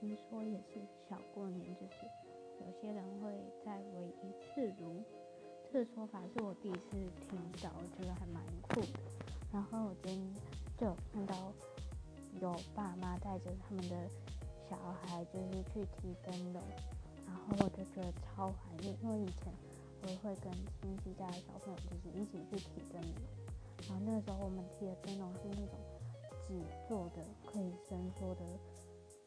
聽說也是小過年，就是有些人會再圍一次爐。這個說法是我第一次聽到，我覺得還蠻酷的。然後我今天就看到有爸媽帶着他們的小孩，就是去提燈籠，然後我就覺得超懷念，因為以前我也會跟親戚家的小朋友就是一起去提燈籠。然後那個時候我們提的燈籠是那種紙做的，可以伸縮的。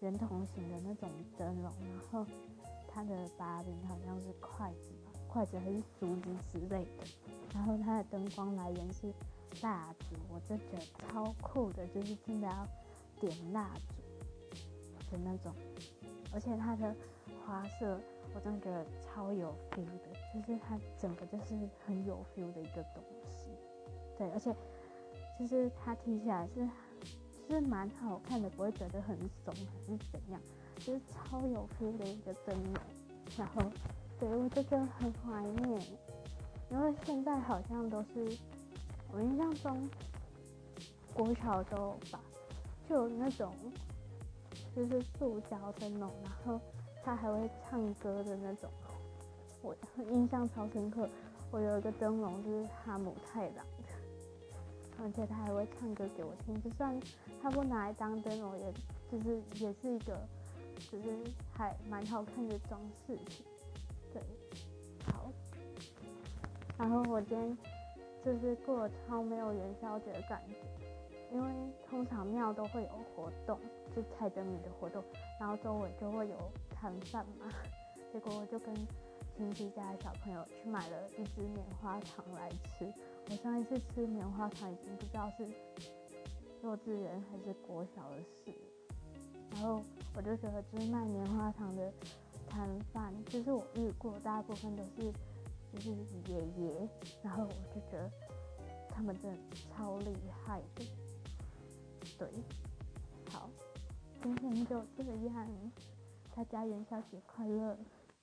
圓筒型的那種燈籠，然後它的把柄好像是筷子吧，筷子還是竹子之類的。然後它的燈光來源是蠟燭，我真的超酷的，就是真的要點蠟燭的那種。而且它的花色，我真的覺得超有 feel 的，就是它整個就是很有 feel 的一個東西。對，而且就是它聽起來是。是蠻好看的，不會覺得很慫還是怎樣，就是超有 feel 的一個燈籠。然後，對我就很懷念，因為現在好像都是，我印象中，國潮都有吧，就有那種，就是塑膠燈籠，然後它還會唱歌的那種，我印象超深刻。我有一個燈籠就是哈姆太郎。而且他還會唱歌給我聽，就算他不拿來當燈籠，也就是也是一個，就是還蠻好看的裝飾品。對，好。然後我今天就是過了超沒有元宵節的感覺，因為通常廟都會有活動，就猜燈謎的活動，然後周圍就會有攤販嘛。結果我就跟親戚家的小朋友去買了一支棉花糖來吃。我上一次吃棉花糖已經不知道是幼稚園還是國小的事，然後我就覺得就是賣棉花糖的攤販，就是我遇過大部分都是就是爺爺，然後我就覺得他們真的超厲害的。對，好，今天就這個樣，大家元宵節快樂。